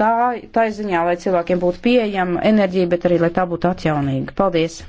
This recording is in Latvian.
tā, tā ziņā, lai cilvēkiem būtu pieejama enerģija, bet arī, lai tā būtu atjaunīga. Paldies!